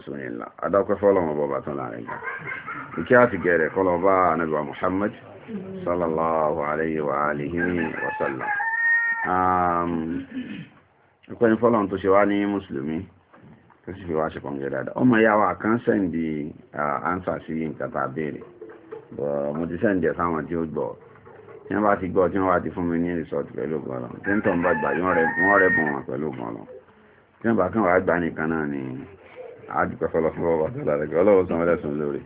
rasulillah adákọ́ fọ́lọ́mọ bọ́bá tán láàrin gan ìkí àti gẹ̀rẹ̀ kọlọ́bá anábíwá muhammad sallallahu alayhi wa alihi wa sallam ọkọ̀yìn fọ́lọ́n tó ṣe wá ní mùsùlùmí tó sì fi wá ṣe kọ̀ǹgẹ̀ dáadáa ọmọ ìyá wa kan sẹ́ndì ánsà sí nǹkan tá a béèrè mo ti sẹ́ndì ẹ̀ sáwọn tí ó gbọ́ tí wọ́n bá ti gbọ́ tí wọ́n wá ti fún mi ní rìsọ́ọ̀tì pẹ̀lú ògùn tí ń tọ́ ń bá gbà wọ́n rẹ̀ bùn wọn pẹ̀lú ògùn tí wọ́n bá kàn wá gbà nìkan náà ni àdìpẹ́fọ́lọ́ fún ọba tó lára ẹgbẹ́ ọlọ́wọ́ sanwó lẹ́sùn lórí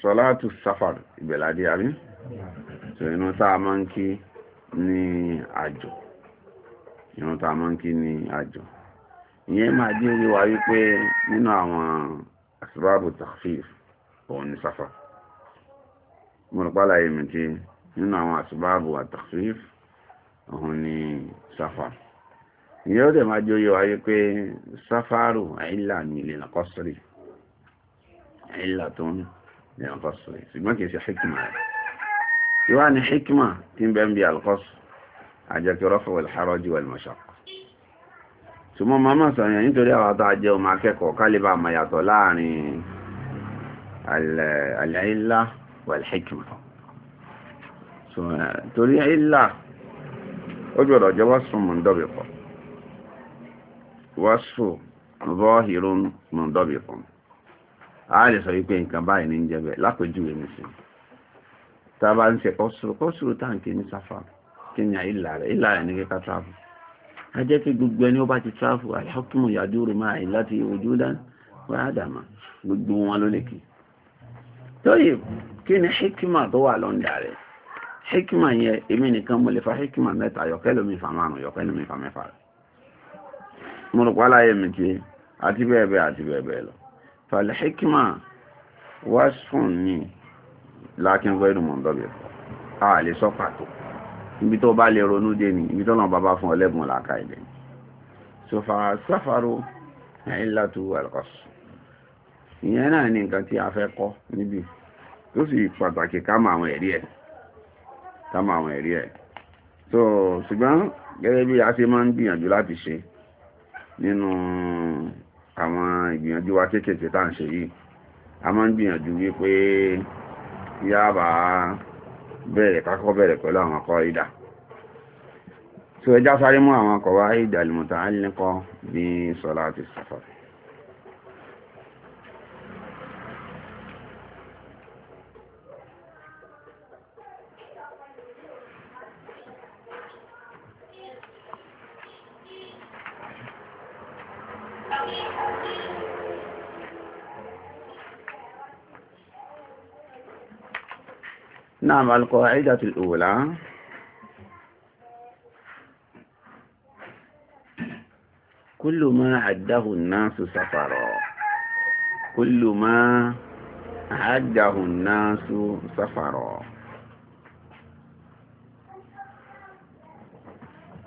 sọláàtù sáfàr ìgbẹ̀ládé àrí so inú táa máa ń kí ní àjò inú táa máa ń kí ní àjò ìyẹn máa jẹ́ orí wa wípé nínú àwọn asibábù tafif òun ni sáfàr mo rò pálá yìí mi ti nínú àwọn asibábù tafif òun ni sáfàr ìyẹ́ ó dẹ̀ máa jó yọ wáyé pé sáfàárù àìlà ní ilẹ̀ nàkọ́sìrì àìlà tó ń ilẹ̀ nàkọ́sìrì ṣùgbọ́n kìí ṣe hikima rẹ̀ ìwá ni hikima tí ń bẹ́ẹ̀ ń bí alkọ́sù àjẹkẹrọ fún ìlhárọ́jì wà lọ́ṣọ́kọ̀ ṣùgbọ́n máa máa sọ̀rọ̀ nítorí àwọn tó ajẹ́ ọmọ akẹ́kọ̀ọ́ kálíbà máa láàrin àìlà wà hikima torí àìlà ó gbọ́dọ̀ jẹ́wọ́ sùn mọ́ ń dọ́bẹ̀ pọ̀ wọ́sùfù vọ́hìrún mọ̀ndọ́bìkùn a sọ wípé nǹkan báyìí ní jẹ́ bẹ́ẹ̀ lápèjúwe ní sí tá a bá ń ṣe kọ́sùrù kọ́sùrù táǹkì ní sáfà kí ìlà rẹ̀ ìlà rẹ̀ ní kíkà tráfù a jẹ́ gbogbo ẹni ó bá ti tráfù àìhọ́kùnmù yàdúrú máa ì láti ojú dán wá gbogbo wọn ló lè tóyè kí ni tó wà lọ́ndà yẹn fa mẹ́ta lómi fa márùn lómi fa mẹ́fà múrùpálá èmì tí àti bẹ́ẹ̀bẹ́ àti bẹ́ẹ̀bẹ́ lọ falhikima wasfun ni lákín fẹ́rù mọ̀ndọ́bẹ̀ a lè sọ pàtó ibi tó bá lè ronú dé ni ibi tó náà bá fún ọlẹ́bùn làkà ilẹ̀ so fa sáfàrò ìlàtú alkọ́sù ìyẹn náà ni nǹkan tí a fẹ́ kọ́ níbi tó sì pàtàkì ká mọ àwọn ẹ̀rí ẹ̀ ká mọ àwọn ẹ̀rí ẹ̀ so ṣùgbọ́n gẹ́gẹ́ bí a ṣe máa ń gbìyànjú láti ṣe nínú àwọn ìgbìyànjú wa kéékèèké tá à ń ṣe yìí a máa ń gbìyànjú wípé yáàbá bẹ̀rẹ̀ kákọ́ bẹ̀rẹ̀ pẹ̀lú àwọn akọ ìdà tí ó já sáré mú àwọn akọ̀wá ìdà lùmọ̀tà alẹ́kọ̀ọ́ bí sọ́lá àti sàfàfẹ́ نعم القاعدة الأولى كل ما عده الناس سفرا كل ما عده الناس سفرا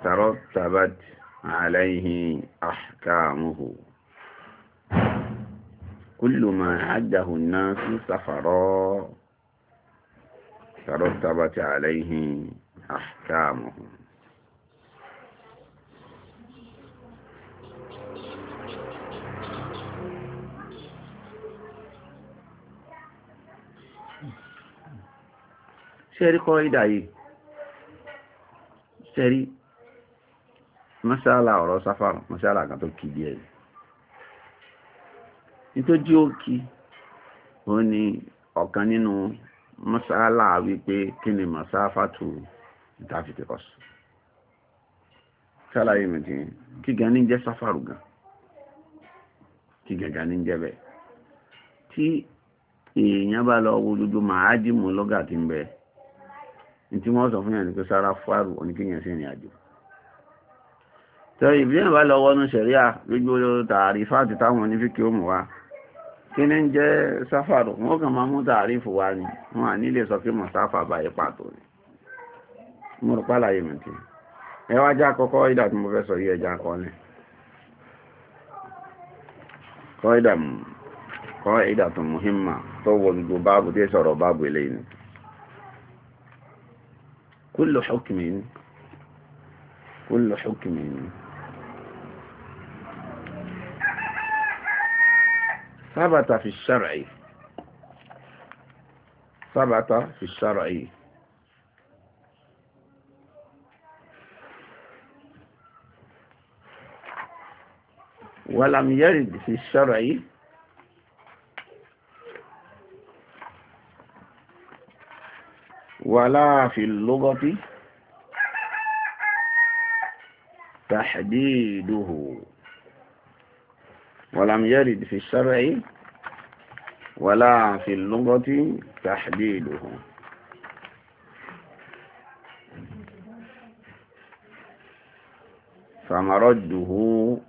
ترتبت عليه أحكامه كل ما عده الناس سفرا ترتبت عليه أحكامه sẹ́rí kọ́ ìdáyé sẹ́rí mọ́sálà ọ̀rọ̀ sáfàrùn mọ́sálà kan tó kì bí ẹ̀ ní tó jí ó kí ó Masala wípé kí ni masáfàtù ìtàfìtì kọ́sù ṣàlàyé mi ti kí gan ní jẹ́ sáfàrù gan kí gẹ̀gà ní jẹ́ bẹ́ẹ̀ tí èèyàn bá lọ wo dúdú màá jí mú lọ́gà tí ń bẹ tí wọ́n sọ fún yàn ní pé sára fárù oníkéyàn sí ìrìn àjò tẹ́ ìbílẹ̀ bá lọ wọnú ṣẹ̀ríà lójú tààrí fáàtì táwọn onífíkì ó mú wa kí ní jẹ́ sáfàrò wọ́n kàn máa mú tààrífù wá ní ni mo rò pàlàyé mi tí ẹ wá kọ́kọ́ ìdà tí mo fẹ́ sọ yí ẹja kọ́ kọ́ ìdà muhimma tó wọ gbogbo báàbù tí sọ̀rọ̀ báàbù eléyìí ni ثبت في الشرع ثبت في الشرع ولم يرد في الشرع ولا في اللغة تحديده ولم يرد في الشرع ولا في اللغة تحديده فمرده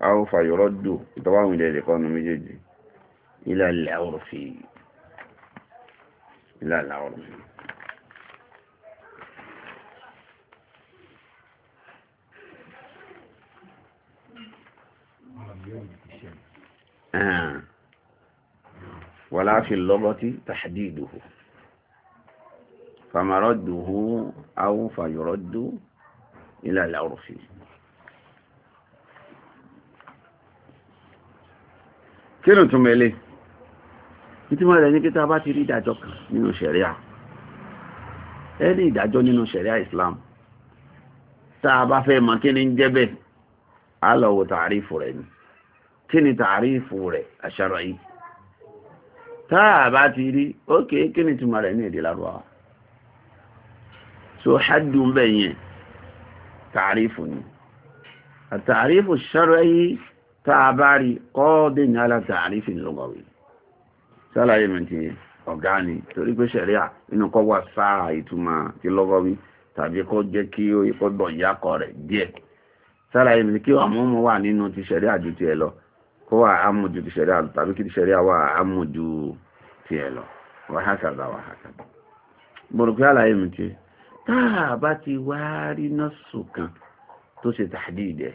أو فيرده طبعا من ذلك إلى العرف إلى العرف ولا في اللغة تحديده فمرده أو فيرد إلى العرف kí ló tún mẹ́lẹ̀ ìtumọ̀ rẹ̀ ní pé tá bá ti rí ìdájọ́ kan nínú ṣẹ̀ríà ẹni ìdájọ́ nínú ṣẹ̀ríà Islam tá bá fẹ́ mọ̀ kí ni ń jẹ́ tààrífù rẹ̀ ni kí ni tààrífù rẹ̀ àṣàrọ̀ yìí táà bá ti rí ókè kí ni túmọ̀ rẹ̀ ní so haddun bẹ̀ yẹn tààrífù ni àtààrífù ṣar'i táà bá rí kọ́ọ̀dé ní ala tààrífù lughawi sálàyé mi ti ọ̀gá ni torí pé ṣẹ̀ríà inú kọ́ wà sáà ìtumọ̀ ti lughawi tàbí kó jẹ́ kí ó yẹ kó dọ̀ ìyá kọ rẹ̀ díẹ̀ sálàyé mi kí ọmọ wọn wà nínú ti ṣẹ̀ríà ju tiẹ̀ lọ kó wà á mú ju ti ṣẹ̀rí àlọ́ tàbí kí ti ṣẹ̀rí àwọ̀ á mú ju ti ẹ̀ lọ wàhákàdà wàhákàdà gbọ́dọ̀kú àlàyé mi ti táà bá ti wá rí nọ́ọ̀sù kan tó ṣe tàdídẹ̀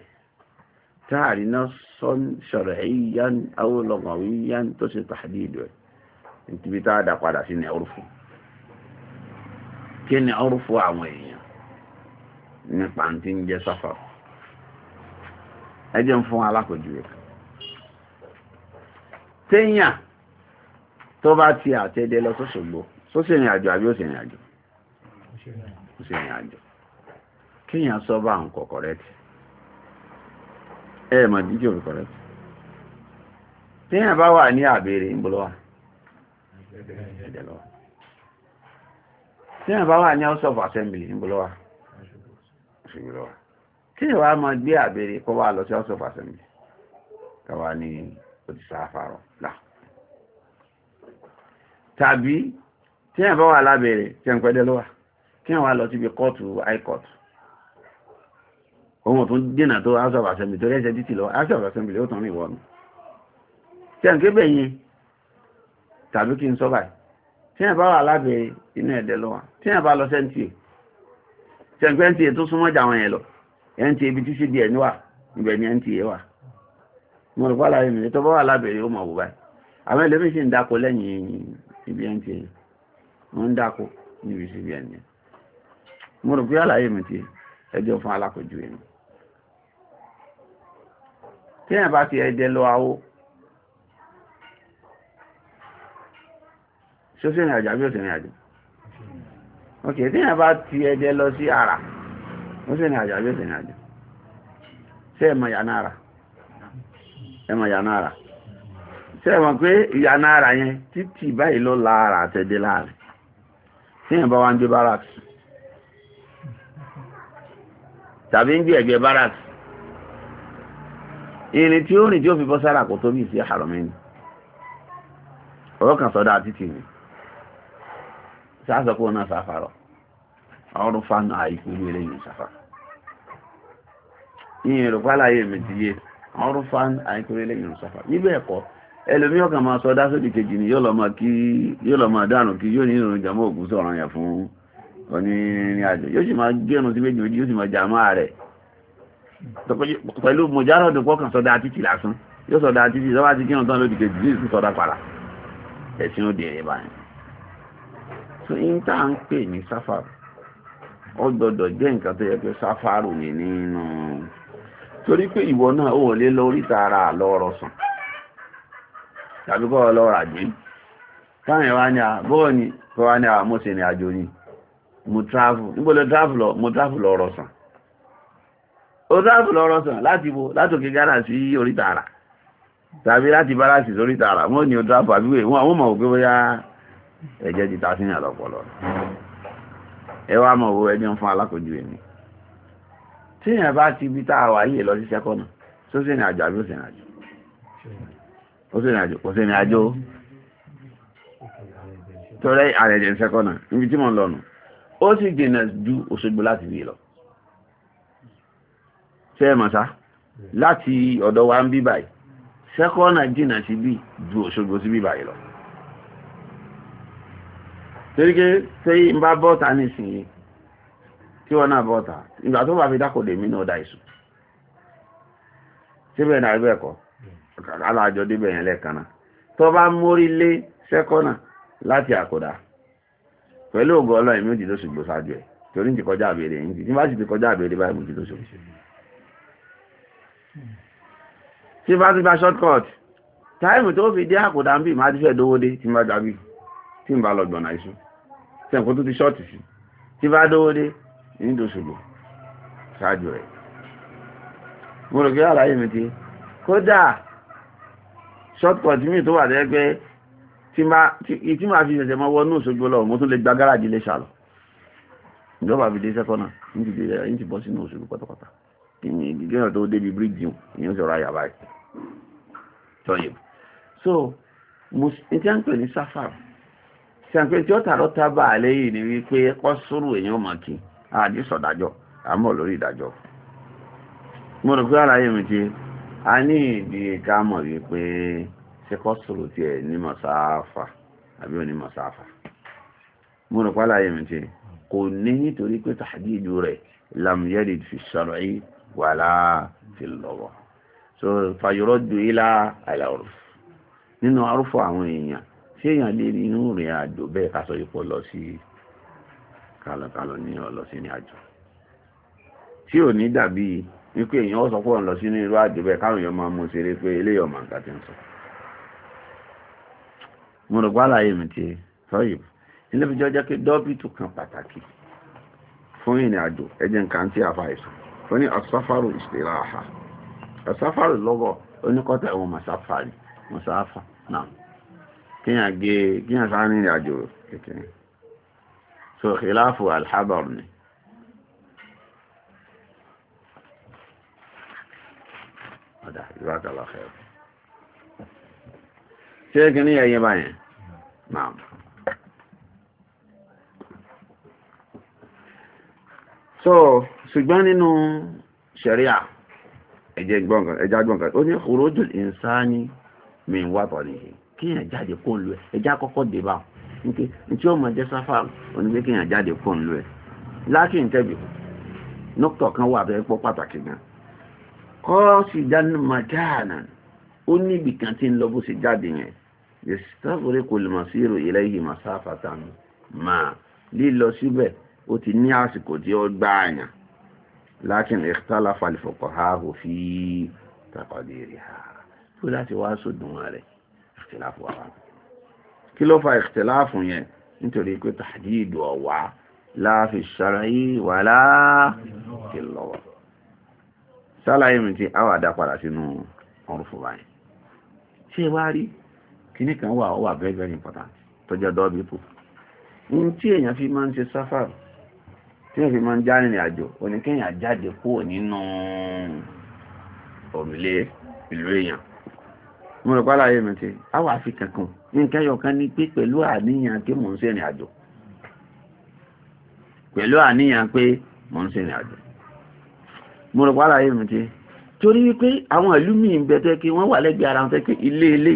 táà rí nọ́ọ̀sù ṣọ̀rọ̀ ìyán awologan ìyán tó ṣe tàdídẹ̀ níbi táà dà padà sí ní kí ni àwọn èèyàn nípa tí ń jẹ́ sáfà ẹ jẹ́ ń fún alákòjú ẹ̀ka téèyàn tó bá ti àtẹ́dẹ lọ sọ́sọ̀gbò tó sì àjò àbí ó sì àjò ó sì àjò kíyàn sọ bá ń kọ kọ̀rẹ́tì ẹ mọ̀ díjò rí kọ̀rẹ́tì téèyàn bá wà ní àbèrè ń bá wà ní house of assembly ń bọ́lọ́wà téèyàn wá mọ̀ gbé àbèrè kó wà lọ sí house of assembly káwa ní òtítà afárọ̀ tàbí tí ẹ̀ bá wà lábẹ̀rẹ̀ tí ẹ̀ ń pẹ́dẹ́ lọ́wà kí ẹ̀ wà lọ síbi kóòtù high court ohun tó dènà tó house of assembly tó rẹ́sẹ̀ títì lọ house of assembly ó tàn mí wọ́n tí ẹ̀ ń kébẹ̀ yẹn tàbí kí n sọ báyìí tí ẹ̀ bá wà lábẹ̀rẹ̀ inú ẹ̀dẹ́ lọ́wà tí ẹ̀ bá lọ sẹ́ńtì tí ẹ̀ ń pẹ́ ń tiẹ̀ ni wà lábẹ̀rẹ̀ ó mọ̀ wò àwọn ẹlẹ́mìí sì ń dáko lẹ́yìn cbn ti wọ́n ń dákò níbi cbn yẹn mo rò pé àlàyé mi ti ẹjọ́ fún alákòjú inú tí èèyàn bá ti ẹ̀jẹ̀ lọ awó ṣóṣe ìrìn àjò àbí òṣè ìrìn àjò ok tí èèyàn bá ti ẹ̀jẹ̀ lọ sí ara ó ṣe ìrìn àjò àbí òṣè ìrìn àjò ṣé ẹ̀mọ̀ yà náà rà ẹ̀mọ̀ yà náà rà sẹ́wọ̀n pé ìyànà ara yẹn títì báyìí ló laara ara de láàrin tí bá wá barracks tabi ń gbé barracks ìrìn tí o rìn tí o fi bọ́ sára kò tó bí sí àrọ̀mẹ́ni ọ̀rọ̀ ni náà sáfàrọ̀ ọrùn fánà àìkú ní yìí sáfà ìyẹn rò mi ti yé ọrùn àìkú yìí níbẹ̀ ẹ̀kọ́ ẹlòmí ọkàn máa sọ dásòdì kejì ni yóò lọ máa dànù kí yóò ní ìrùn jàmọ́ òkú sọ̀rọ̀ yẹn fún onírin àjò yóò sì máa gẹ́rùn sí méjì méjì yóò sì máa jàmọ́ rẹ̀ pẹ̀lú mojáròdù pọ́kàn sọ̀dá títì lásán yóò sọ̀dá títì sọ́wọ́ àti kírun tán lódì kejì yóò sì sọ̀dá padà ẹ̀sìn òdì ẹ̀yẹ báyìí. tó yín tá à ń pè ní sáfàrù ó gbọdọ̀ jẹ́ nǹkan tó yẹ pé sáfàrù ni nínú torí pé ìwọ náà ó wọlé lọ oríta ara àlọ́ sàn tàbí kọ́ lọ ràjé káàrin wá ní àbọ́ọ̀ ni kọ́ wá ní àwọn mọ́sẹ̀ ní àjò ni mo travel níbo lọ travel lọ mo travel lọ rọ̀sàn láti bo látòkè Ghana sí oríta àrà tàbí láti báràsì sóríta àrà wọ́n ní ó travel àbíwẹ̀ wọn àwọn mọ̀ pé bóyá ẹ̀jẹ̀ ti ta síyàn lọ́pọ̀lọ́ ẹ wá mọ̀ wo ẹni fún alákòjú ẹni tíyàn bá ti bí tá a wà yìí lọ sí sẹ́kọ̀nà sósìn àjò àbí òsìn àjò ó sì rìnàjò kò sí ìrìnàjò torí àrẹ̀jẹ̀ ìṣẹ́kọ̀nà níbi tí mo ń lọ́nu ó sì jìnà ju Òṣogbo láti bí lọ ṣe é mọ̀ sá láti ọ̀dọ̀ wa ń bí báyìí ṣẹ́kọ̀nà jìnà sí bí ju Òṣogbo sí bí báyìí lọ torí pé ṣé bá bọ́ta nísìnyí tí wọ́n náà bọ́ta ìgbà tó bá fi dákòdè mí ní ọ̀dà ìṣù síbẹ̀ náà rí bẹ́ẹ̀ alájọ débẹ̀ yẹn lẹ́ẹ̀kanà tó bá mórí lé sẹ́kọ́nà láti àkọ́dá pẹ̀lú ògo ọlọ́run mi ò dìdó ṣùgbọ́ ṣáájú ẹ̀ torí ti kọjá àbèrè yìí tí bá sì ti kọjá àbèrè báyìí mo dìdó ṣòṣè tí bá ti gba shortcut táìmù tó fi dé àkọ́dá ń bì má ti fẹ́ dówó dé tí bá gbà tí bá lọ gbọ̀nà iṣu tẹ̀kọ́ tó ti ṣọ́ọ̀tì sí tí bá dówó dé ní ìdó ṣáájú rẹ̀ mo rò kí àlàyé mi ti kódà shortcut mi tó wà tẹ́ pé tí máa fi ṣẹ̀ṣẹ̀ mọ́ wọnú Òṣogbo lọ mo tún lè gba gáràjì lè ṣàlọ́ ìjọba fi dé sẹ́kọ̀nà ní ti bọ́ sínú Òṣogbo pátápátá ìdíjọ́ náà tó débi bíríjì ìyẹn sọ̀rọ̀ àyàbá ẹ̀ so mo ti ń pè ní sáfàr ti ń pè tí ó tààrọ́ tábà lẹ́yìn ni wípé ẹ̀kọ́ sórù èèyàn mọ̀ kí àdìsọ̀dájọ́ àmọ́ lórí ìdájọ́ mo rò pé àlàyé a ní ìdí ká mọ̀ wípé ṣe kọ́ sọ̀rọ̀ tí ẹ̀ ní mọ̀sáfà àbí òní mọ̀sáfà mo rò pálá yẹn ti kò ní nítorí pé tàdíjú rẹ̀ lam yalid fi shar'i wala fi lugha so fayuraddu ila al-urf nínú arúfọ̀ àwọn èèyàn ṣé èèyàn lè rí inú rìn àjò bẹ́ẹ̀ ká sọ ipò lọ sí kálọ̀kálọ̀ ní ọlọ́sìn ní àjò tí ò ní dàbí wípé èèyàn ó sọ pọ̀ lọ sínú irú àjò bẹ́ẹ̀ káwọn èèyàn máa mú ṣeré pé eléyìí ọmọ nǹkan ti ń sọ. mo rò gbálà yìí mi ti sọ́yìn ilé fi jọ jẹ́ pé dọ́bìtù kan pàtàkì fún ìrìn àjò ẹ̀jẹ̀ nǹkan tí a fa ìsùn ó ní asáfàrò ìṣèlá àhà asáfàrò lọ́gọ̀ oníkọ́tà ẹ̀wọ̀n mọ̀sáfàrì mọ̀sáfà náà kíyàn gé kíyàn sáré ìrìn àjò kékeré so khilafu alhabar ni ọ̀dà ìwádàlá ọ̀fẹ́ ṣé kí ní ẹyẹ báyẹn náà so ṣùgbọ́n nínú ṣẹ̀ríà ẹ̀jẹ̀ gbọ̀ngàn ẹ̀já gbọ̀ngàn ó ní òrójò ìsáni mi wà bọ̀ nìyí kíyàn jáde kó ń lu ẹ̀ ẹ̀já kọ́kọ́ dé bá nke tí ó mọ̀ jẹ́ sáfà onígbé kíyàn jáde kó lu ẹ̀ lákì ń tẹ̀bi kan wà bẹ́ẹ̀ pọ́ pàtàkì gan qasidan makanan ó níbi kan tí ń lọ bó ṣe jáde yẹn yastaghriqu al-masiru ilayhi masafatan ma lílọ síbẹ̀ ó ti ní àsìkò tí ó gbá àyàn lakin ikhtalafa al-fuqaha fi taqdiriha tó láti wá sódùn rẹ̀ ìtìláfù wa kí ló fa ìtìláfù yẹn nítorí pé tàdídù ọ̀wá la fi shar'i wala fil lugha sálàyé mi ti àwà dá sínú ọrùn báyìí ṣe wá rí kíní kan wà wà very very important tó jẹ́ pò ohun tí fi máa ń ṣe tí fi máa ń já àjò jáde kúrò nínú ìlú mo rò pálàyé mi ti àwà fi kankan ní pé pẹ̀lú àníyàn pé mò ń àjò pẹ̀lú mo rò pàlà yìí mìtí torí wípé àwọn ìlú míì ń bẹ tẹ́ kí wọ́n wà lẹ́gbẹ̀ẹ́ ara wọn tẹ́ kí ilé ilé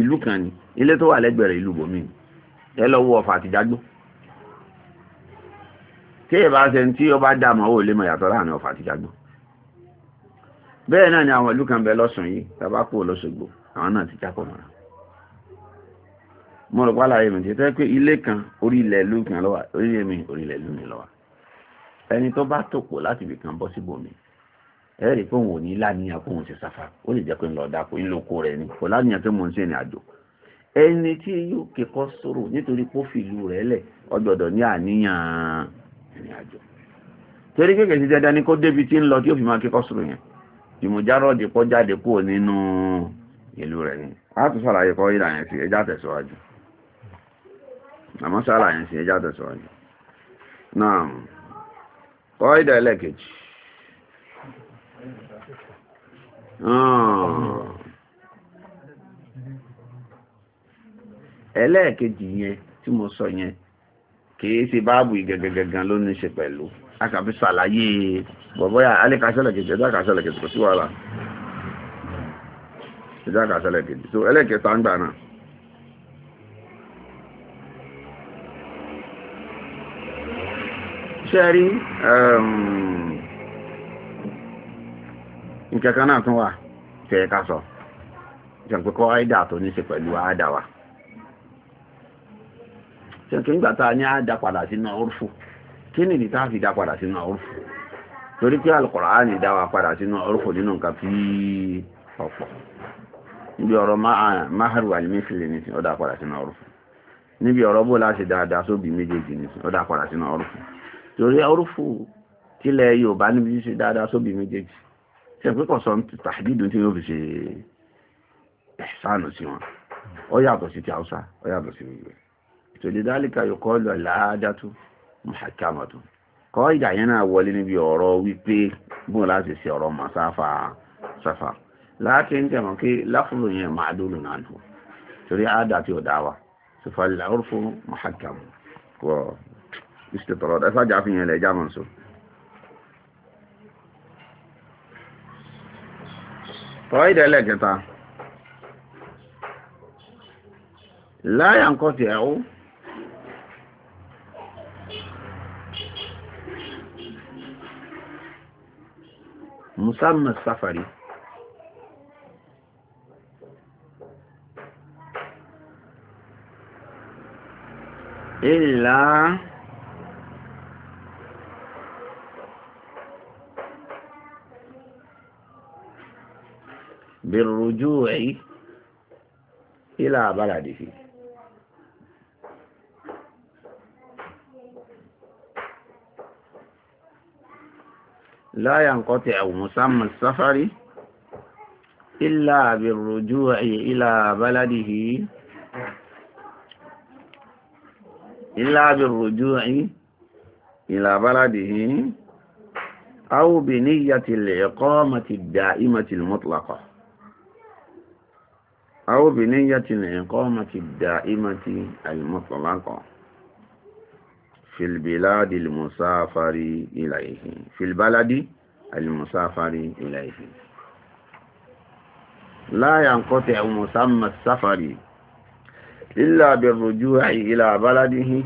ìlú kan ni ilé tó wà lẹ́gbẹ̀ẹ́ rẹ̀ ìlú bòmí ẹ lọ ọ̀fà àtìjágbó tí ẹ ṣe ń tí ọba dà mọ́ ò lè mọ̀ láàrin ọ̀fà àtìjágbó bẹ́ẹ̀ náà ni àwọn ìlú kan bẹ lọ́sùn yìí tàbá kú lọ́sọ̀gbò àwọn náà ti jákọ̀ mọ́ra mo rò pàlà yìí mìtí tẹ́ pé ilé kan orí ilẹ̀ ìlú kan ló wà orí mi orí ìlú mi ló ẹni tó bá tòkò láti ibì kan bọ́ síbòmíì ẹ̀rí pé òun láníyàn pé òun sáfà ó lè jẹ́ pé ńlọ dàpọ̀ ńlọkọ rẹ̀ ni kò láníyàn pé mo ń ṣe ìrìn àjò ẹni tí yóò kékọ́ sọ̀rọ̀ nítorí pé ó fi ìlú rẹ̀ lẹ̀ ó gbọ́dọ̀ ní àníyàn àjò torí kékeré ti dandan ni kó débi tí ń lọ tí ó fi máa kékọ́ sọ̀rọ̀ yẹn ìmùjárọ̀dì pọ́ jáde kúrò nínú ìlú rẹ̀ ni a sàlàyé kọ́ ìlà yẹn sí ẹjá tẹ̀síwájú àmọ́ sàlàyé sí ẹjá tẹ̀síwájú náà kọ́ ìdá ẹlẹ́kejì Ah. ẹlẹ́ẹ̀kejì yẹn tí mo sọ yẹn kìí ṣe báàbù ìgẹ̀gẹ̀gẹ̀gan ló ní ṣe pẹ̀lú akàfi ṣàlàyé bọ̀bọ́yà alẹ́kàṣẹ́lẹ̀ kejì ẹ̀dá kàṣẹ́lẹ̀ kejì kò sí wàhálà ẹ̀dá kàṣẹ́lẹ̀ kejì so ẹlẹ́ẹ̀kẹta ń gbà náà ṣe rí um, nkẹ̀kan náà tún wà tẹ́ ká sọ jẹ̀pẹ̀kọ́ àìdà tó ní ṣe pẹ̀lú àádà wa ṣẹ̀kẹ́ ńgbàtà ní àádà padà sínú orúfù kí ni ìdí táà dá padà sínú orúfù torí wa padà sínú orúfù nínú nǹkan fi ọ̀pọ̀ níbi ọ̀rọ̀ máhàrù àlìmísìlì ní ọ̀dà padà sínú orúfù níbi ọ̀rọ̀ bó láti dáadáa sóbì méjèèjì ní padà sínú orúfù torí orúfù tilẹ̀ níbi ṣe dáadáa méjèèjì ṣe pé kọ̀ sọ tàbídùn tí yóò fi ṣe ẹ̀sánù sí wọn ó yàtọ̀ sí ti haúsá ó yàtọ̀ sí gbogbo ìtòlè dálíkà yóò kọ́ lọ láàájátú mọ̀hákàmọ̀tún kọ́ ìdà yẹn náà wọlé níbi ọ̀rọ̀ wípé bóun láti ṣe ọ̀rọ̀ màsáfà sáfà láti ń tẹ̀mọ̀ kí láfúrò yẹn máa dúró náà nù torí àádà tí ò dá wa sùfàlì làórùfù mọ̀hákàmù wọ ìṣètò ọ̀rọ̀ ẹ̀fájà fi yẹn lẹ̀ jámọ̀ sọ kọ̀rọ̀ ìdẹ́lẹ̀ kẹta láyà ń kọ́sì ẹ̀hú musamman safari illa بالرجوع إلى بلده لا ينقطع مسمى السفر إلا بالرجوع إلى بلده إلا بالرجوع إلى بلده أو بنية الإقامة الدائمة المطلقة أو بنية الإقامة الدائمة المطلقة في البلاد المسافر إليه في البلد المسافر إليه لا ينقطع مسمى السفر إلا بالرجوع إلى بلده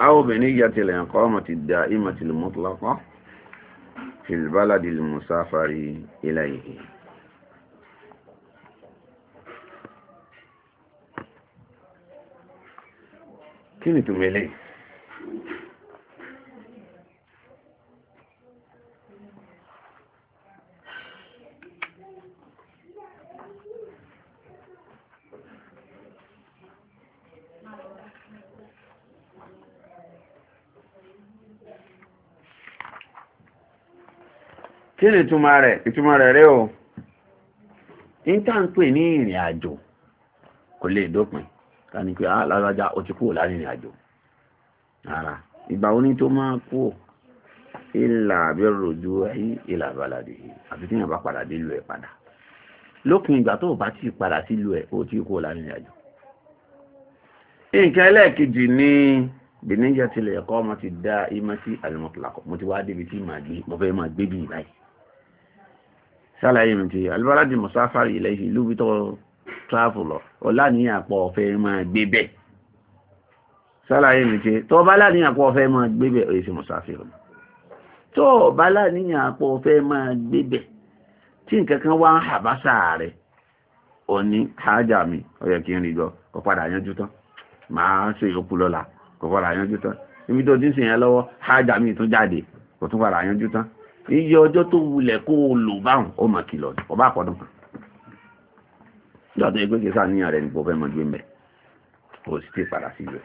أو بنية الإقامة الدائمة المطلقة في البلد المسافر إليه kí ni ìtumọ̀ eléyìí kí ni ìtumọ̀ rẹ̀ ìtumọ̀ rẹ̀ rẹ̀ o ìtàǹpè ní ìrìn àjò kò lè dópin ká ní pé á ah, lágbájá ó ti kúrò láàrin àjò ara ìgbà oní tó máa kú ìlà àbẹ̀rò ju ayé ìlà àbàlàdì àbí tí yàn bá padà dé lu ẹ̀ padà lókun ìgbà tó bá ti padà sí lu ẹ̀ ó ti kúrò láàrin àjò nǹkan ẹlẹ́ẹ̀kejì ní bìníjà tilẹ̀ ẹ̀kọ́ ọmọ ti dá imá sí àlùmọ̀tòlákọ̀ mo ti wá débi tí mo fẹ́ máa gbé bí ìbáyìí sálàyé mi ti alibáradì mùsáfárì ilẹ̀ ìlú bí tọ́ tíráfù lọ ọ̀lá ní àpọ̀ ọ̀fẹ́ máa gbé bẹ̀ sálàyé mi ṣe tó bá láàrin àpọ̀ ọ̀fẹ́ máa gbé bẹ̀ òye sí mùsàfihàn tó bá láàrin àpọ̀ ọ̀fẹ́ máa gbé bẹ̀ tí nǹkan kan wá ń hà bá sáàrẹ̀ òní hájà mi ó yẹ kí n rí gbọ́ kò padà yanjú tán màá ṣe ìyókù lọ́la kò padà yanjú tán ibi tó dín sí yẹn lọ́wọ́ hájà mi tún jáde kò nígbà tó yẹ pé kìí sàníyàn rẹ̀ ní kò fẹ́ mọ̀ gbé mẹ́ kò sì ti padà sí ibẹ̀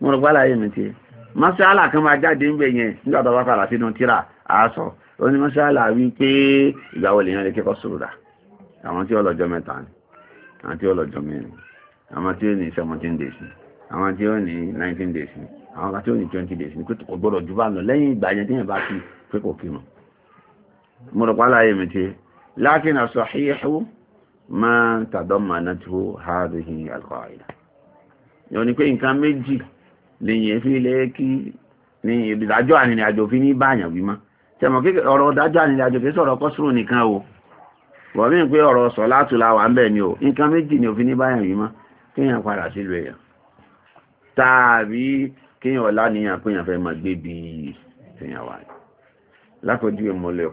mo rò pálá yẹn mi ti mọ́ṣálà kan máa jáde ń bẹ̀ yẹn nígbà tó bá padà sínú tíra àásọ ó ní mọ́ṣálà wí pé ìgbàwó lè yẹn lè kíkọ́ sòrò dà àwọn tí ó mẹ́ta ni àwọn tí ó mẹ́rin àwọn tí ó ní seventeen days ni àwọn tí ó ní nineteen days ni àwọn tí ó ní twenty days ni pé kò gbọ́dọ̀ jù bá lọ lẹ́yìn ìgbà yẹn tí yẹn bá fi pé kò kí mo rò pálá yẹn mi ti lákìnà sọ̀híhù ما تضمنته هذه القاعدة يعني كو nǹkan méjì lẹ́yìn fi lè kí ní ìdájọ́ fi ní báyàn wí mọ́ tẹmọ̀ kí ọ̀rọ̀ ìdájọ́ àrìnrìn àjò fi sọ̀rọ̀ kọ́sùrù nìkan o wọ́n mí pé ọ̀rọ̀ sọ látù la wà ń ni o nǹkan méjì ni òfin ní báyàn wí mọ́ kéèyàn padà tàbí kéèyàn ọ̀la níyàn pé èèyàn fẹ́ máa gbé bí èèyàn wà lákòójú ìmọ̀lẹ̀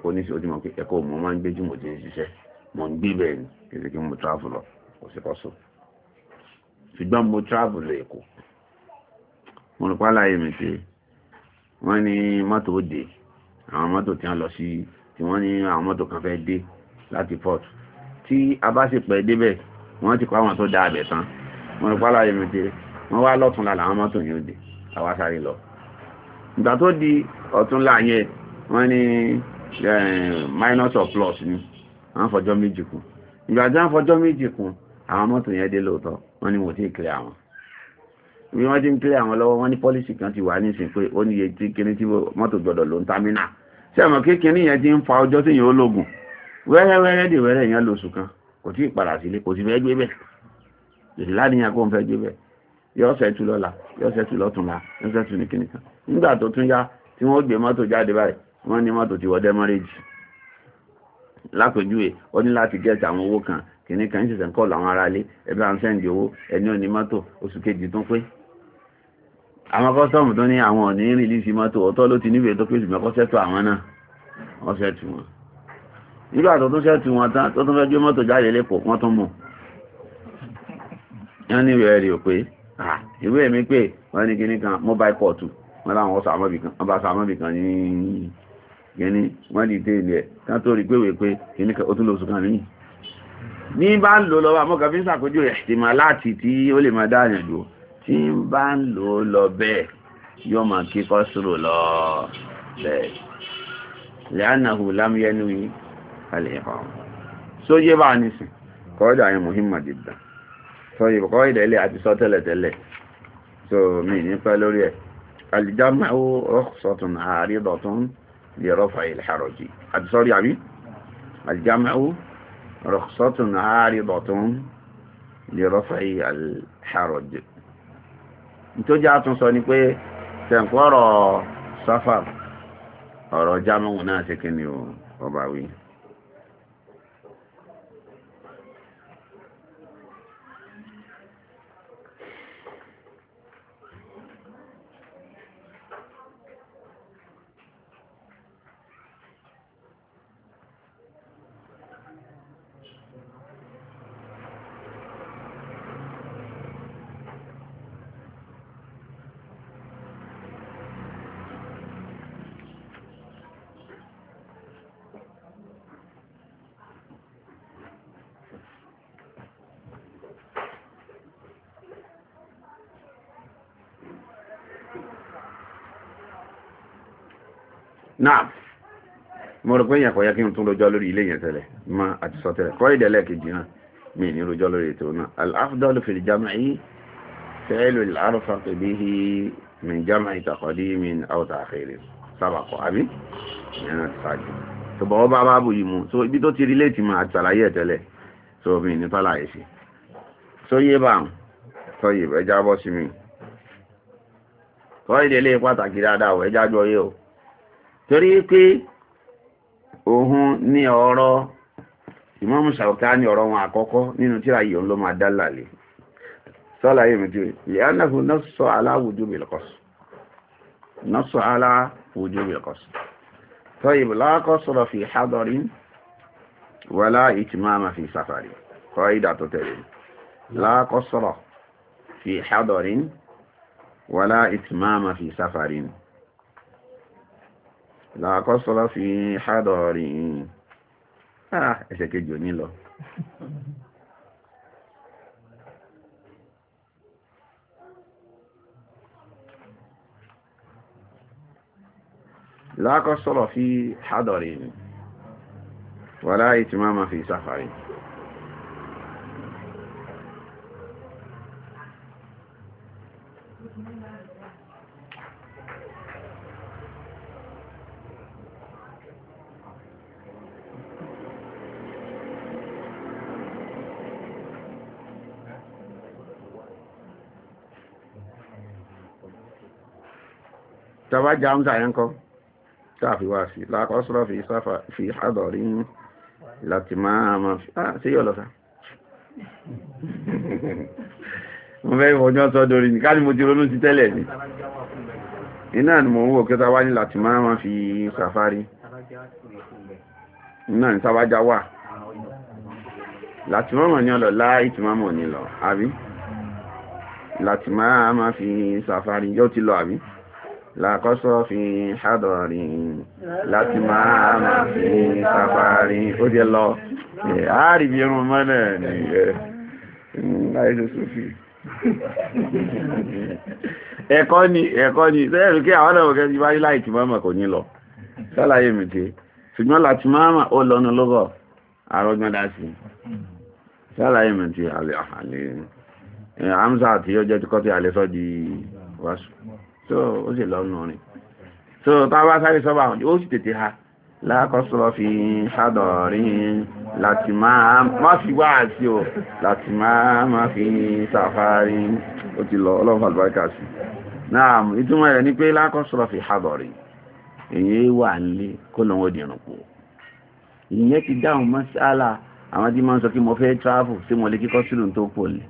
ẹ̀kọ́ mo ń gbé bẹ́ẹ̀ ni kìí kí mo travel lọ kò sí kọ́sọ̀ ṣùgbọ́n mo travel lọ Èkó mo rò pálá yìí pé wọ́n ní mọ́tò ó àwọn mọ́tò tí wọ́n lọ sí tí wọ́n ní àwọn mọ́tò kan fẹ́ dé láti port tí a bá sì pẹ́ débẹ̀ wọ́n ti kọ́ àwọn tó dá abẹ̀ tán mo rò pálá yìí mi pé wọ́n wá lọ́túnla làwọn mọ́tò yìí dé àwa sáré lọ ìgbà tó di ọ̀túnla yẹn wọ́n ní eh, minus or plus ni àwọn fọjọ́ méjì kù ìgbà tí wọ́n fọjọ́ méjì kù àwọn mọ́tò yẹn dé lóòótọ́ wọ́n ní mo ti kílẹ̀ àwọn bí wọ́n ti ń kílẹ̀ àwọn lọ́wọ́ wọ́n ní pọ́lísì kan ti wà nísìnyí pé ó níye tí kíní tí mọ́tò gbọ́dọ̀ ló ń támínà ṣé àmọ́ kékeré yẹn ti ń fa ọjọ́ tí yẹn ó lògùn wẹ́rẹ́wẹ́rẹ́ dè wẹ́rẹ́ yẹn lóṣù kan kò tí ì padà sílé kò sì fẹ́ gbé bẹ́ẹ̀ láníyàn kó ń fẹ́ gbé bẹ́ẹ̀ yóò lápèjúwe ó ní láti gẹ́ẹ̀tì àwọn owó kan kìíní kan ṣẹ̀ṣẹ̀ ń kọ́ làwọn ará ilé ẹbí à ń sẹ́ǹdì owó ẹni òní mọ́tò oṣù kejì tó pé àwọn kọ́sọ́ọ̀mù tó ní àwọn òní rìlíìsì mọ́tò ọ̀tọ̀ ló ti níwèé tó pé ṣùgbọ́n kọ́ sẹ́tù àwọn náà wọ́n sẹ́tù wọn nígbà tó tún sẹ́tù wọn tán tó tún fẹ́ gbé mọ́tò jáde lẹ́kọ̀ọ́ wọ́n tún mú wọ́n ní ìwé rẹ̀ pé ìwé mi pé wọ́n ní kíní kan mobile court wọ́n láwọn sàmọ́bì kan ní yẹni wọ́n ilẹ̀ kan rí gbéwèé pé kìníkà ó tún lọ sùkàn ní ní bá ń lò lọ́wọ́ àmọ́ kàfí ń sàkójú rẹ̀ ti máa láti tí ó lè máa dáàyàn jù tí ń bá ń lò lọ bẹ́ẹ̀ yóò máa kí kọ́sùrù lọ bẹ́ẹ̀ lẹ́ánàhù lámúyẹ́nu àlèkọ́ yé bá kọ́ọ̀dà yẹn àti sọ so mi ní pẹ́ lórí ẹ̀ àárí dọ̀tún لرفع الحرج قد صار يا عمي الجمع رخصة عارضة لرفع الحرج انتو جاءتون صاني كوي تنقر سفر ọ̀rọ̀ jámọ́ náà ṣe náà mo rò pé èèyàn kò yẹ kí n tún lójọ́ lórí ilé yẹn tẹ́lẹ̀ mọ́ àti sọ tẹ́lẹ̀ kọ́ ìdẹ́ lẹ́ẹ̀kejì náà mi ní lójọ́ lórí ètò náà al-afdalu fil jam'i fi'lu al-arfaq bihi min jam'i taqdimin aw ta'khir sábàkọ àbí ìyẹn náà ti ṣáájú tó bọ̀ ọba bá bù yìí mu so ibi tó ti rí léètì mọ́ àti sàlàyé ẹ̀ tẹ́lẹ̀ so mi ní tọ́lá yìí so yé bá ń sọ yìí ẹja bọ́ sí mi kọ́ ìdẹ́lẹ́ pàtàkì dáadáa ẹja jọ yé o torí pé òun ní ọ̀rọ̀ ìmọ̀mù ṣàwùká ní ọ̀rọ̀ wọn àkọ́kọ́ nínú tíra yìí ló máa dálà lè sọ́là yìí mìtì ìyánáfù nọ́sọ̀ aláwùjú bìlkọ́sù nọ́sọ̀ aláwùjú bìlkọ́sù tó ìbù lákọ́ sọ̀rọ̀ fi hádọ́rí wọlá ìtìmáàmà fi sàfàrí kọ́ ìdà tó tẹ̀lé lákọ́ sọ̀rọ̀ fi hádọ́rí fi sàfàrí làkọ́sọ́lá fi hádọ̀ rí ah, ẹsẹ̀ kejì òní lọ làkọ́sọ́lá fi hádọ̀ rí wàlá ìtìmá ma fi sáfàrí bá já ń sàyẹn kọ́ tààfi wá sí lákọ́sọ́rọ̀ fi sáfà fi hádọ̀rí láti máa ma fi ah sí yọ̀ lọ́sà mo fẹ́ ìfọ̀jọ́ sọ dorí ní káàdì mo ti ronú ti tẹ́lẹ̀ ni iná ni mo ń wò kẹta wá ní láti máa ma fi sàfárí iná ni sábájá wà láti máa mọ̀ ní ọlọ̀ láì tí máa mọ̀ ní lọ àbí láti máa ma fi sàfárí yóò ti lọ àbí làkọ́sọ́ fi ṣàdọ̀rí láti máa mà sí safari ó jẹ́ lọ ààrì bí irun mọ́lẹ̀ ní àìsẹ̀ sófì ẹ̀kọ́ ni ẹ̀kọ́ ni sẹ́yẹ̀rù kí àwọn ọ̀rọ̀ kẹ́sí wáyé láìtì máa mà kò ní lọ sálàyé mi tí ṣùgbọ́n láti máa mà ó lọ́nu lọ́gọ̀ àrọ́gbọ́n dá sí sálàyé mi tí tó ó sì lọ́nà rìn tó tábà sáré sọ́bà ó sì tètè ha lákọ́sọ́ fi ṣàdọ̀rin láti máa má fi wá àti ò láti máa má fi sàfàárí ó ti lọ ọlọ́fà àlùbáríkà sí náà ìtumọ̀ rẹ̀ ní pé lákọ́sọ́ fi ṣàdọ̀rin èyí wà nílé kó lọ́wọ́ dìrùn pò ìyẹn ti dáhùn mọ́sálà àwọn tí máa ń sọ kí mo fẹ́ travel sí mo lè kíkọ́ sílùú tó pò lè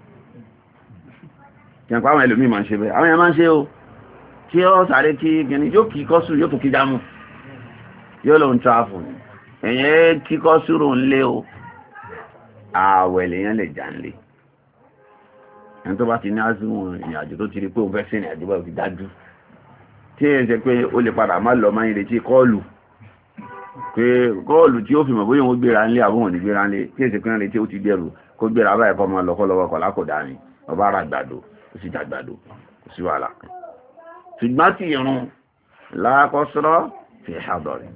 jẹ́ pé àwọn ẹlòmíì máa ń ṣe bẹ́ẹ̀ àwọn yẹn máa ń ṣe o kí ọ sáré kí gini yóò kí kọ́sù yóò tún kí jámù yóò lọ ń tráfù ní ẹ̀yẹ́ kí kọ́sù rò ń lé o ààwẹ̀ lèyàn lè jà ń lé ẹni tó bá ti ní azùn ìrìn àjò tó ti rí pé òun fẹ́ sí ìrìn àjò bá ti dájú tí ẹ ṣe pé ó lè padà má lọ máa ń retí kọ́ọ̀lù pé kọ́ọ̀lù tí ó fi mọ̀ bóyá òun gbéra ńlé àbúrò ní gbéra ńlé tí ẹ ṣe pé ń retí ó ti dẹrù kó gbéra báyìí kọ́ máa lọ ni ọba ara ó sì jàgbàdo kò sí wàhálà ṣùgbọ́n ti irun láàkọ́sọ́rọ́ fi ṣàdọ̀rẹ̀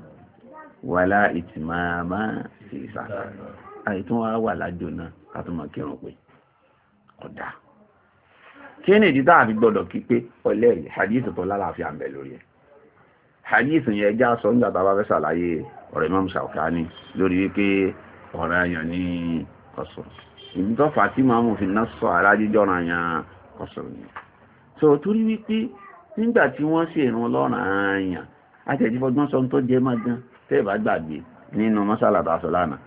wàlá ìtìmáàmá fi ìsàkà àìtún wá wà lájò náà kátùmọ̀ kírun pé ọ̀dà kí ni ìdídá àfi gbọ́dọ̀ kí pé ọlẹ́ yìí hadith tó lálàáfíà ń bẹ lórí ẹ̀ hadith yẹn já sọ nígbà tá a bá fẹ́ ṣàlàyé ọ̀rọ̀ Imam Shawkani lórí wípé fi ná so torí wípé nígbà tí wọ́n sì rún lọ́rùn àyàn àtẹ̀jífọ́gbọ́n sọ tó jẹ́ máa gan tẹ́ẹ̀bá gbàgbé nínú mọ́sálàtà aṣọ lánàá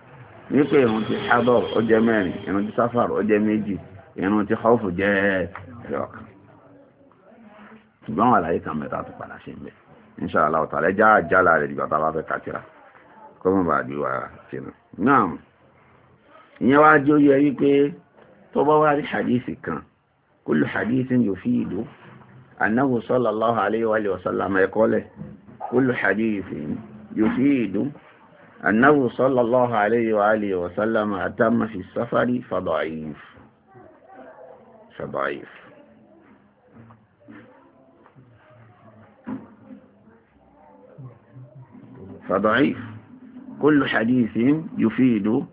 wípé ìrun ti hador ó jẹ́ mẹ́rin ìrun ti safar ó jẹ́ méjì ìrun ti haufu jẹ́ ẹ̀yọ̀kan ṣùgbọ́n àlàyé kan mẹ́ta tó padà ṣe ń bẹ̀ inṣàlá ọ̀tàlẹ́ já àjálà rẹ̀ dìgbà tá a bá fẹ́ kàtìrà kó mọ̀ bá wa sínú. náà ìyẹn wá jẹ́ oyè wípé tó bá wá rí hadisi kan kullu hadisin yufidu أنه صلى الله عليه وآله وسلم يقول كل حديث يفيد أنه صلى الله عليه وآله وسلم أتم في السفر فضعيف فضعيف فضعيف كل حديث يفيد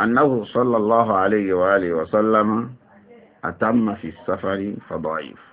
أنه صلى الله عليه وآله وسلم أتم في السفر فضعيف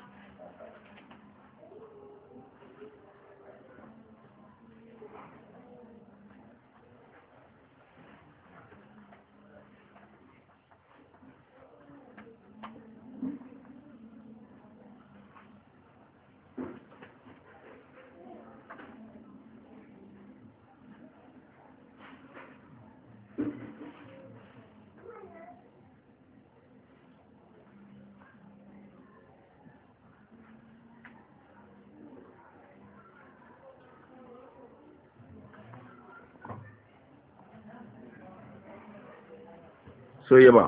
so yé bá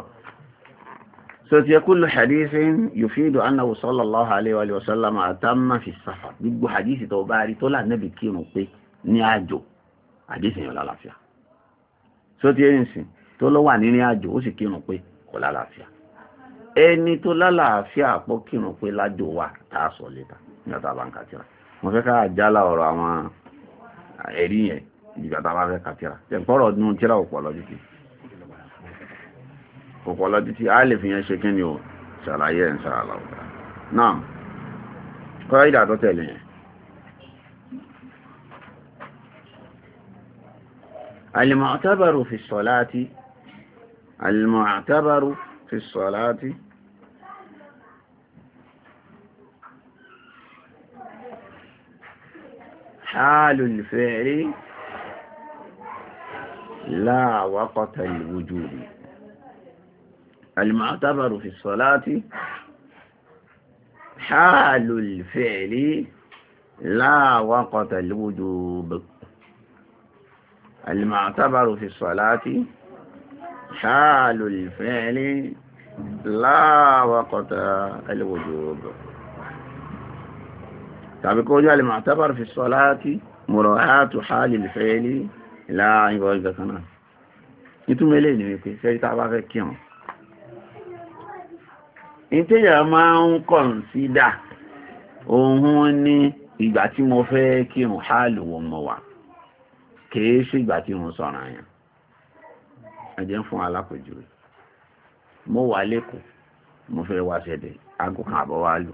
so tiẹ̀ kullu hadithin yufidu annahu sallallahu alayhi wa sallam atamma fi safar gbogbo hadithi tó bá rí tó là nẹ́bi kírun pé ní àjò hadithi yẹn lálàáfíà so tiẹ̀ yìí sìn tó lọ wà nínú àjò ó sì kírun pé kò lálàáfíà ẹni tó lálàáfíà àpọ̀ kírun pé lájò wà tá a sọ létà nígbà tá a bá ń kàtìrà mo fẹ́ ká jálà ọ̀rọ̀ àwọn ẹ̀rí yẹn ìgbà tá a bá fẹ́ kàtìrà tẹ̀ ń pọ̀rọ̀ ọdún tíra ọ̀pọ̀ lọ́jọ́ kìí ọ̀pọ̀lọ́ títí alif yẹn ṣe kí ni ó ṣàlàyé ẹ̀ ń sára láwùjá náà kọ́ ìdà tó tẹ̀lé yẹn المعتبر في الصلاة المعتبر في الصلاة حال الفعل لا وقت الوجود المعتبر في الصلاة حال الفعل لا وقت الوجوب المعتبر في الصلاة حال الفعل لا وقت الوجوب طب كوجه المعتبر في الصلاة مراعاة حال الفعل لا يقول ذكنا يتم ليني ميكي سيري كيان ìtẹ́yà máa ń kọ̀nsídà òun ní ìgbà tí mo fẹ́ kí n hálù wọn mọ̀ wá kìí sí ìgbà tí mo sọ̀rọ̀ àyàn ẹjẹ́ fún alápòjú mo wà lẹ́kọ̀ọ́ mo fẹ́ wá ṣẹ̀dẹ̀ aago kan àbọ̀ wá lù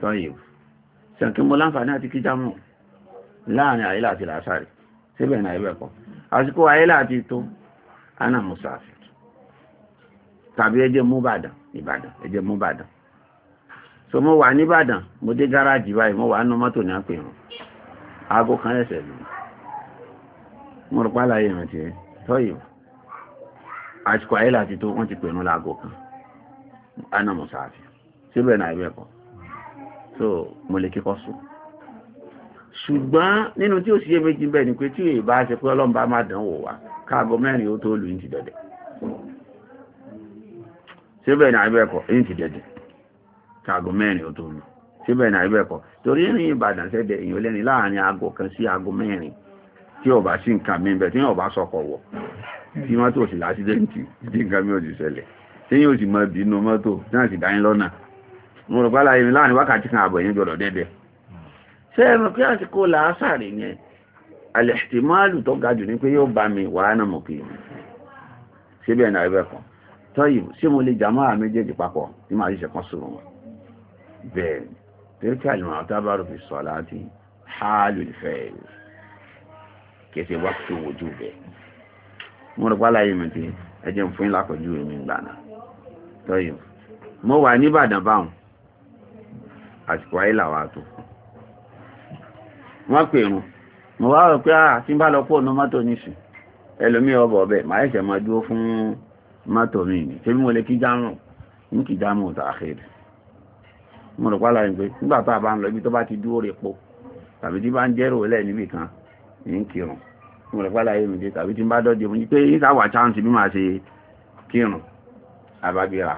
tọ́yẹ̀ sẹ̀kí mo láǹfààní àti kíjámù láàrin àyílà àti làásàrì síbẹ̀ náà ẹ̀bẹ̀ kọ́ àsìkò àyílà àti tó ana musafi tàbí ẹ jẹ́ mú Ìbàdàn Ìbàdàn ẹ jẹ́ mú Ìbàdàn so mo wà ní Ìbàdàn mo dé gáràjì báyìí mo wà nínú mọ́tò ní àpè wọn aago kan ẹsẹ̀ lù mo rò pàlàyé ìrántí ẹ tọ́yọ̀ àsìkò ayé láti tó wọ́n ti pè ní láago kan ana musafi síbẹ̀ náà ibẹ̀ kọ́ so mo lè kíkọ́ sùn ṣùgbọ́n nínú tí ó sì yé méjì bẹ́ẹ̀ ni pé tí ìbá ṣe pé ọlọ́mbà má dánwò wá káàgọ́ mẹ́rin ó tó lù ní ti dọ̀dẹ̀ síbẹ̀ ní àìbẹ̀kọ̀ èyí ti dẹ̀dẹ̀ káàgó mẹ́rin ò síbẹ̀ ní àìbẹ̀kọ̀ torí ní ìbàdàn sẹ́dẹ̀ èyàn kan sí aago mẹ́rin tí ọba sí nǹkan mi bẹ̀ tí ọba sọkọ̀ wọ̀ tí mọ́tò sì tí nǹkan mi ò sì ṣẹlẹ̀ tí yóò sì mọ bínú mọ́tò náà sì lọ́nà mo rò pálá láàrin wákàtí kan yẹn gbọdọ̀ dẹ́dẹ̀ ga jù ní pé yóò bá mi mọ̀ tọ́yì ṣé mo lè jàmọ́ àmì méjèèjì papọ̀ tí máa ṣiṣẹ́ kan sùn wọn bẹ́ẹ̀ tẹ́lẹ̀kẹ́ àlùmọ́ àtàbárò fi sọ láti hálù ìfẹ́ kẹsẹ̀ wá tó wojú bẹ́ẹ̀ mo rò pálá yìí mi ti ẹjẹ́ fún yín lápẹ̀jú mi gbà náà tọ́yì mo wà ní Ìbàdàn báwọn àsìkò ayé làwọn àtò wọ́n pè rún mo wá rò pé àti ah, bá lọ pọ̀ ní mọ́tò nísìn ẹlòmíì ọbọ̀ ọbẹ̀ ẹ̀ṣẹ̀ máa dúró fún mọ́tò mi ni ṣe bí mo lè kí jámù ní kí jámù tààkiri mo rò pàlà ìgbé nígbà tá a bá ń lọ ibi tó bá ti dúró repo tàbí tí bá ń jẹ́rò ilẹ̀ níbì kan ní kírun mo rò pàlà yìí nìdí tàbí tí bá dọ́dẹ mo ní pé ní sáwà chance bí máa ṣe kírun àbábíra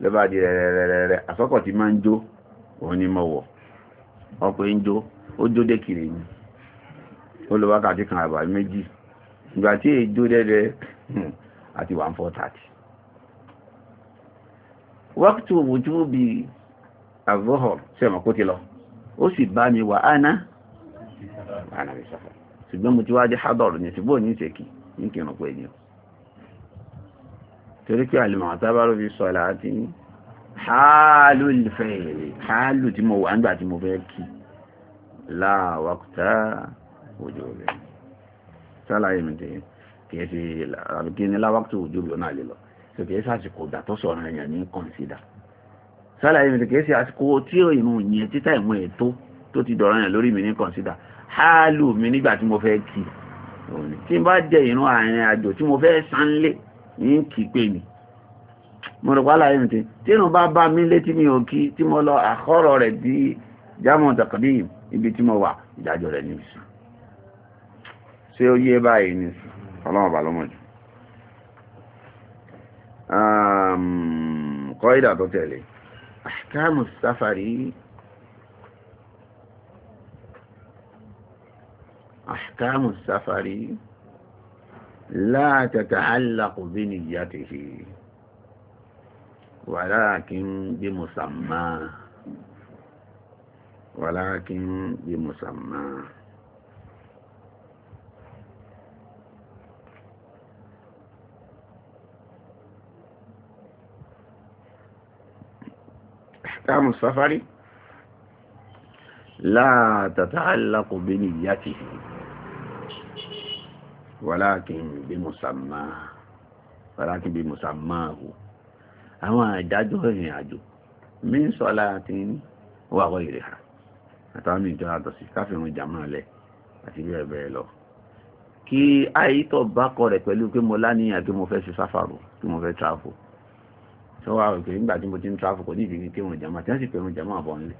ló di rẹ̀rẹ̀rẹ̀rẹ̀ àsọ́kọ̀ tí máa ń jó òun ni mo wọ̀ ọkọ̀ ń jó ó jó dé kiri ni ó lo wákàtí kan àbá méjì ìgbà tí èjó dẹ́dẹ́ hmm, àti 1430 wákìtí òwòjú bí àgbọ́họ̀ sí ọmọ kó ti lọ ó sì bá mi wà áná ṣùgbọ́n mo ti wá jẹ́ hádọ̀rù ní ṣùgbọ́n ní ìṣẹ́kì ní kìrùn pé ní torí pé àlèmọ̀ àtàbárò fi sọ láti ní hálù ìfẹ́ èrè hálù tí mo wà nígbà tí mo fẹ́ kí láàwákùtà òjò rẹ̀ sálàyé mi tẹ́yìn kìí ṣe àbíkí ní láwákùtù òjòbí ọ̀nà àlè lọ so kìí ṣe àsìkò ìgbà tó sọ̀rọ̀ èèyàn ní kọ̀nsídà sálàyé mi kìí ṣe àsìkò tí ìrun yẹn títà ìmú ẹ̀ tó tó ti dọ̀rọ̀ yẹn lórí mi ní kọ̀nsídà háàlù mi nígbà tí mo fẹ́ kì í tí n bá jẹ ìrun àárín àjò tí mo fẹ́ sánlé ní kì í pè mo rò wálá yìí tí tínú bá bá mi létí mi ò kí tí mo lọ àkọ́rọ̀ rẹ̀ di jámọ̀ tàkàdí ibi tí mo wà ìdájọ́ rẹ̀ níbi sí ṣé ó yé báyìí nìsí صلاح معلومه دي امم قاعده توتالي احكام السفر احكام السفر لا تتعلق بنيته ولكن بمسماه ولكن بمسماه ìmáàmù sáfárí la tata'allaqu bi niyyatihi walakin bi musamma walakin bi musammahu àwọn àdájọ́ ìrìn àjò min salatin wa ghayriha àtàwọn ìjọ àtọ̀sí káfíìrún jàmọ́lẹ̀ àti bẹ́ẹ̀ bẹ́ẹ̀ lọ kí àyítọ̀ bá kọ rẹ̀ pẹ̀lú pé mo lá ní àti mo fẹ́ ṣe sáfàrò tí mo fẹ́ tráfò tó wà wípé nígbà tí mo ti ń tráfù kò ní ìdí kí wọn jàmà tí wọn sì pé wọn jàmà àbọ̀ nílé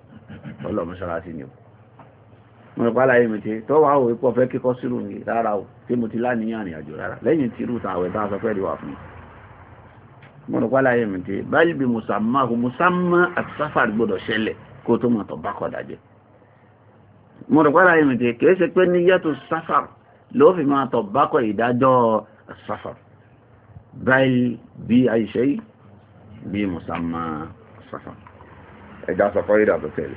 ọlọ́ mọ́ṣáláṣí ni o mo rẹ̀ pàlàyé mi ti tó wà wípé ọ̀fẹ́ kíkọ́ sírù ni rárá o tí mo ti láníyàn rìn àjò rárá lẹ́yìn tí irúta àwẹ̀ tá a sọ pé rí wà fún mi mo rẹ̀ pàlàyé mi ti báyìí bí musamman kò musamman àti sáfàrì gbọdọ̀ ṣẹlẹ̀ kó tó mọ̀ tó bá kọ̀ dàjẹ́ mo rẹ̀ pàlàyé mi ti kìí ṣe pé níyàtò sáfàrì ló fi máa tọ̀ bá kọ̀ ìdájọ́ sáfàrì báyìí bí àìṣe yìí bí musamma safa ẹja sọkọ ìdà tó tẹ̀lé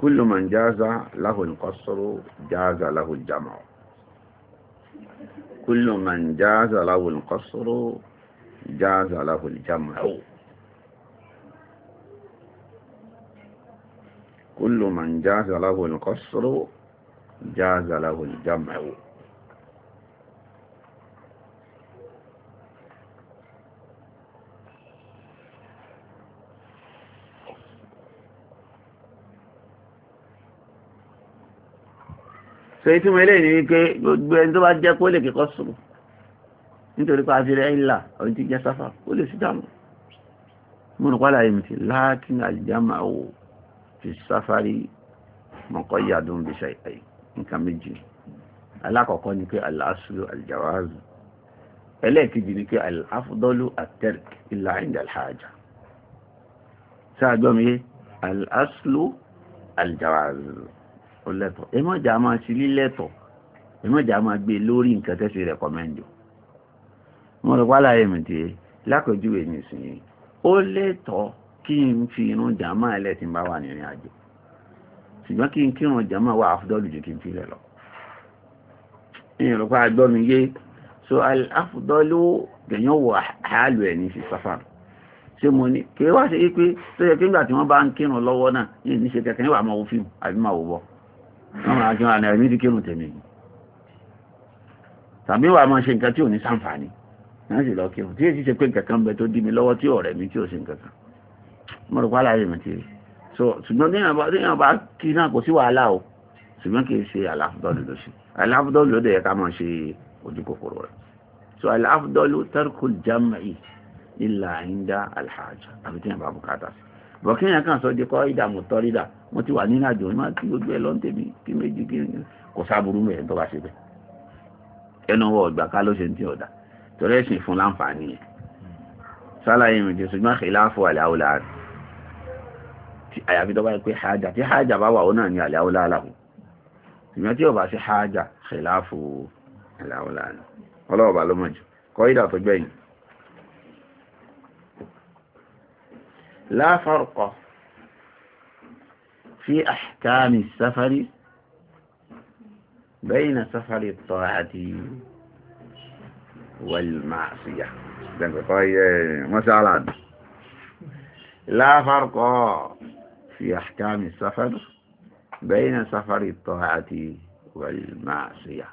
kúlù man jáza lahul qasru jáza lahul jam'u kúlù man jáza lahul qasru jáza lahul jam'u كل من جاز له القصر جاز له الجمع so èyí tí mo lè ní wípé gbogbo ẹni tó bá jẹ́ kó lè kíkọ́ sùn nítorí pé àfihàn ìlà ọ̀rìn ti jẹ́ sáfà ó lè sí dàmú mo rò pàdà ìmì tí látin àjàmà ò fi sáfàrí mọ̀kọ́ yàdùn bí ṣe nǹkan méjì alákọ̀ọ́kọ́ ni pé aláṣùlù àjàwázù ẹlẹ́ẹ̀kejì ni pé aláfúdọ́lù àtẹ́rìk ìlà ìjà alhaja sáàgbọ́n mi aláṣùlù àjàwázù ó lẹ́tọ̀ ẹ mọ̀jà máa ṣe lílẹ́tọ̀ ẹ mọ̀jà máa gbé lórí nǹkan tẹ́sí rẹ̀kọ́mẹ́ndò mo rò wá láyé mi tiẹ̀ lákòjúwe mi sìn yìí ó lẹ́tọ̀ kí n fi irun jàmá ẹlẹ́sìn bá wà nírìn àjò ṣùgbọ́n kí n kírun jàmá wà áfúdọ́lù ju kí n filẹ̀ lọ ìyẹn rò pé àgbọ́ mi yé so áfúdọ́lù gẹ̀yàn wọ àálù ẹ̀ ní fi sáfàrù ṣe mo ní kí wá ṣe pé tó yẹ kí nígbà tí wọ́n bá ń kírun lọ́wọ́ náà yìí ní ṣe kẹ̀kẹ́ wà máa wo fíìmù àbí máa wo bọ́ wọ́n máa kí wọn àná ẹ̀mí ti kírun tèmi tàbí wàá máa ṣe nǹkan tí ò ní sàǹfààní náà sì lọ kírun tí èsì ṣe pé nǹkan kan bẹ tó dí mi lọ́wọ́ tí ọ̀rẹ́ mi tí ò ṣe nǹkan kan mo rò pálá rè mi ti rí so ṣùgbọ́n téèyàn bá kí náà kò sí wàhálà o ṣùgbọ́n kì í ṣe àlàfdọ́lù ló ṣe àlàfdọ́lù ló dẹ̀ yẹ ká máa ṣe ojú kòkòrò rẹ̀ so àlàfdọ́lù tarkul jam'i illa inda alhaja àbí téèyàn bá bùkátà sí bọ̀kíyàn kan sọ di kọ́ ìdààmú tọ́rídà wọ́n ti wà nínú àjò ní máa kí gbogbo ẹ̀ lọ́n tèmi kí méjì kí n kò sábúrú mẹ́rin tó bá ṣe bẹ́ẹ̀ ẹnu wọ ọgbà ká ló ṣe ń tí ọ̀dà torí ẹ̀sìn fún láǹfààní yẹn sálàyé mi ti ṣùgbọ́n àkèlá fún àlẹ́ àwòlá àyàfi tó bá yẹ pé hájà tí hájà bá wà ó náà ní àlẹ́ àwòlá ṣùgbọ́n tí ọba ṣe hájà àkèlá fún àlẹ́ àwòlá ọlọ́ọ̀bà لا فرق في أحكام السفر بين سفر الطاعة والمعصية طيب، مثلا لا فرق في أحكام السفر بين سفر الطاعة والمعصية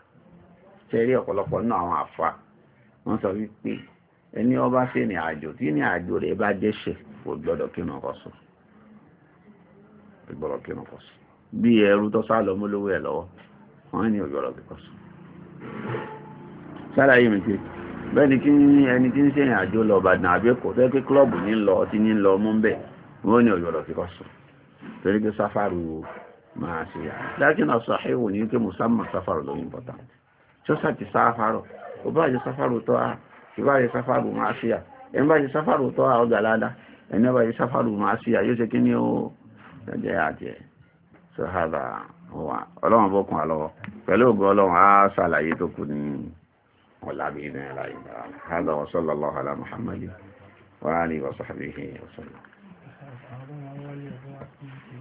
لك لقلنا وعفا wọ́n sọ wípé ẹni ọba ṣe ní àjò tí ní àjò rẹ̀ bá jẹ́ṣẹ̀ kò gbọ́dọ̀ kírun kọ́sù gbọ́dọ̀ kírun kọ́sù bí ẹrú tó sá lọ mólówó ẹ̀ lọ́wọ́ wọ́n ní ògbọ́dọ̀ kọ́sù sára yìí mi ti bẹ́ẹ̀ ni kí ẹni tí ń ṣe ìrìn àjò lọ Ìbàdàn àbẹ́kọ̀ tó yẹ pé kílọ̀bù ní lọ ọtí ní lọ mú bẹ́ẹ̀ wọ́n ní ògbọ́dọ̀ kọ́sù torí pé sáfàrù máa ṣe yà lákìn náà sọ àṣẹwò ní pé musamman sáfàrù ló ń bọ̀tà tí sáfàrù ó àjọ sáfàrù tó a ìbá yẹ sáfàrù máa ṣíyà ẹni bá yẹ sáfàrù tọ́ ọjà láda ẹni bá yẹ sáfàrù máa ṣíyà yóò ṣe kí ni ó jẹ àjẹ sọ́hàdà ọlọ́run bọ́kùn àlọ́wọ́ pẹ̀lú ògbọ́ ọlọ́run á ṣàlàyé tó kù ní ọ̀làbí ní ẹ̀láyé hàdà